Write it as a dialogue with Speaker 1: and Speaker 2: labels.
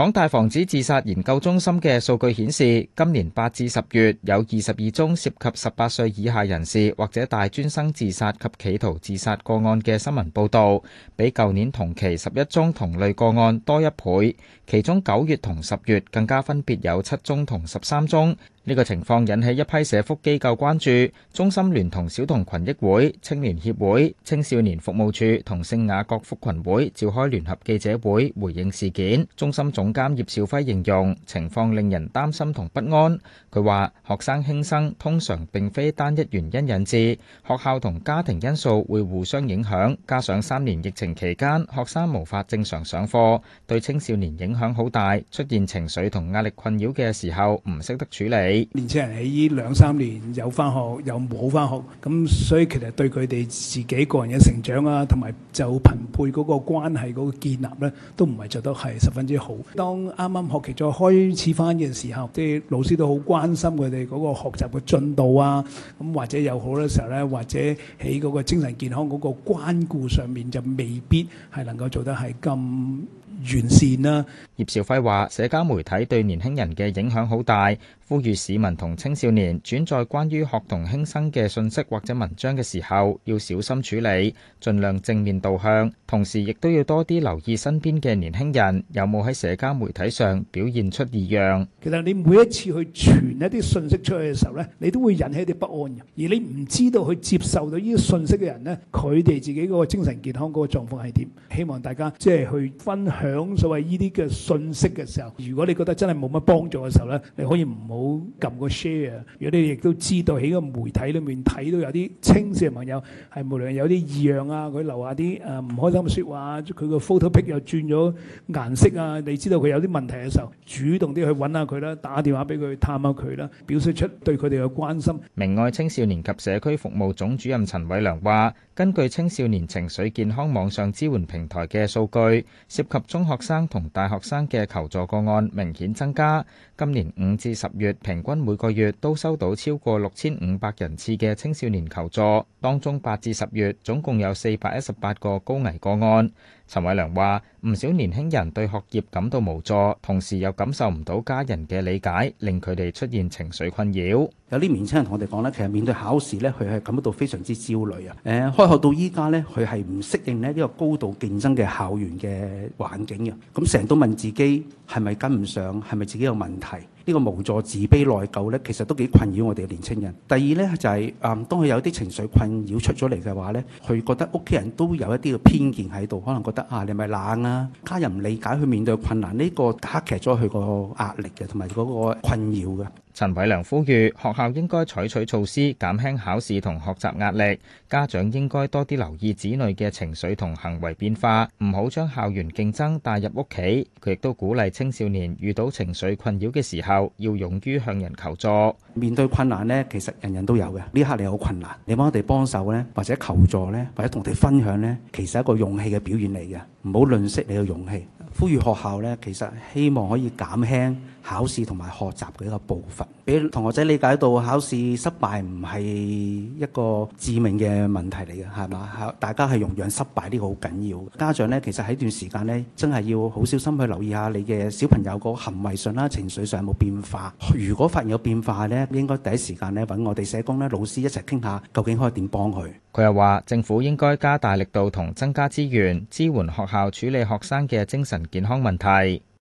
Speaker 1: 港大防止自殺研究中心嘅數據顯示，今年八至十月有二十二宗涉及十八歲以下人士或者大專生自殺及企圖自殺個案嘅新聞報道，比舊年同期十一宗同類個案多一倍。其中九月同十月更加分別有七宗同十三宗。呢個情況引起一批社福機構關注，中心聯同小童群益會、青年協會、青少年服務處同聖雅各福群會召開聯合記者會回應事件。中心總監葉兆輝形容情況令人擔心同不安。佢話學生輕生通常並非單一原因引致，學校同家庭因素會互相影響，加上三年疫情期間學生無法正常上課，對青少年影響好大，出現情緒同壓力困擾嘅時候唔識得處理。年青人喺呢兩
Speaker 2: 三年有翻學又冇翻學，咁所以其實對佢哋自己個人嘅成長啊，同埋就朋輩嗰個關係嗰個建立呢，都唔係做得係十分之好。當啱啱學期再開始翻嘅時候，即係老師都好關心佢哋嗰個學習嘅進度啊，咁或者有好多時候呢，或者喺嗰個精神健康嗰個關顧上面就未必係能夠做得係咁完善啦！葉
Speaker 1: 兆輝話：社交媒體對年輕人嘅影響好大，呼籲市民同青少年轉載關於學童輕生嘅信息或者文章嘅時候，要小心處理，盡量正面導向。同時，亦都要多啲留意身邊嘅年輕人有冇喺社交媒體上表現出異樣。
Speaker 2: 其實你每一次去傳一啲信息出去嘅時候咧，你都會引起一啲不安。而你唔知道去接受到呢啲信息嘅人咧，佢哋自己嗰個精神健康嗰個狀況係點？希望大家即係去分享。講所謂依啲嘅信息嘅時候，如果你覺得真係冇乜幫助嘅時候呢，你可以唔好撳個 share。如果你亦都知道喺個媒體裏面睇到有啲青少年朋友係無論有啲異樣啊，佢留下啲誒唔開心嘅説話，佢個 photo pic 又轉咗顏色啊，你知道佢有啲問題嘅時候，主動啲去揾下佢啦，打電話俾佢，探下佢啦，表示出對佢哋嘅
Speaker 1: 關心。明愛青少年及社區服務總主任陳偉良話，根據青少年情緒健康網上支援平台嘅數據，涉及中，中學生同大學生嘅求助個案明顯增加，今年五至十月平均每個月都收到超過六千五百人次嘅青少年求助，當中八至十月總共有四百一十八個高危個案。陳偉良話：唔少年輕人對學業感到無助，
Speaker 3: 同時又感受唔到家人嘅理解，令佢哋出現情緒困擾。有啲年輕人同我哋講咧，其實面對考試咧，佢係感覺到非常之焦慮啊！誒、呃，開學到依家咧，佢係唔適應咧呢個高度競爭嘅校園嘅環境啊，咁成日都問自己係咪跟唔上，係咪自己有問題？呢個無助、自卑、內疚咧，其實都幾困擾我哋嘅年輕人。第二咧就係啊，嗯，當佢有啲情緒困擾出咗嚟嘅話咧，佢覺得屋企人都有一啲嘅偏見喺度，可能覺得啊，你咪懶啊，家人唔理解佢面對困難，呢個加劇咗佢個壓力嘅，同埋嗰個困擾嘅。陳偉良呼籲學校應
Speaker 1: 該採取措施減輕考試同學習壓力，家長應該多啲留意子女嘅情緒同行為變化，唔好將校園競爭帶入屋企。佢亦都鼓勵
Speaker 3: 青少年遇到情緒困擾嘅時候，要勇於向人求助。面對困難呢，其實人人都有嘅。呢刻你好困難，你幫我哋幫手呢，或者求助呢，或者同我哋分享呢，其實係一個勇氣嘅表現嚟嘅。唔好吝嗇你嘅勇氣。呼籲學校咧，其實希望可以減輕考試同埋學習嘅一個部分，俾同學仔理解到考試失敗唔係一個致命嘅問題嚟嘅，係嘛？大家係容讓失敗呢，這個好緊要。家長咧，其實喺段時間咧，真係要好小心去留意下你嘅小朋友個行為上啦、情緒上有冇變化。如果發現有變化咧，應該第一時間咧揾我哋社工咧、老師一齊傾下，究竟可以點幫佢。佢又話：政府應該加大力
Speaker 1: 度同增加資源支援學校處理學生嘅精神。健康問題。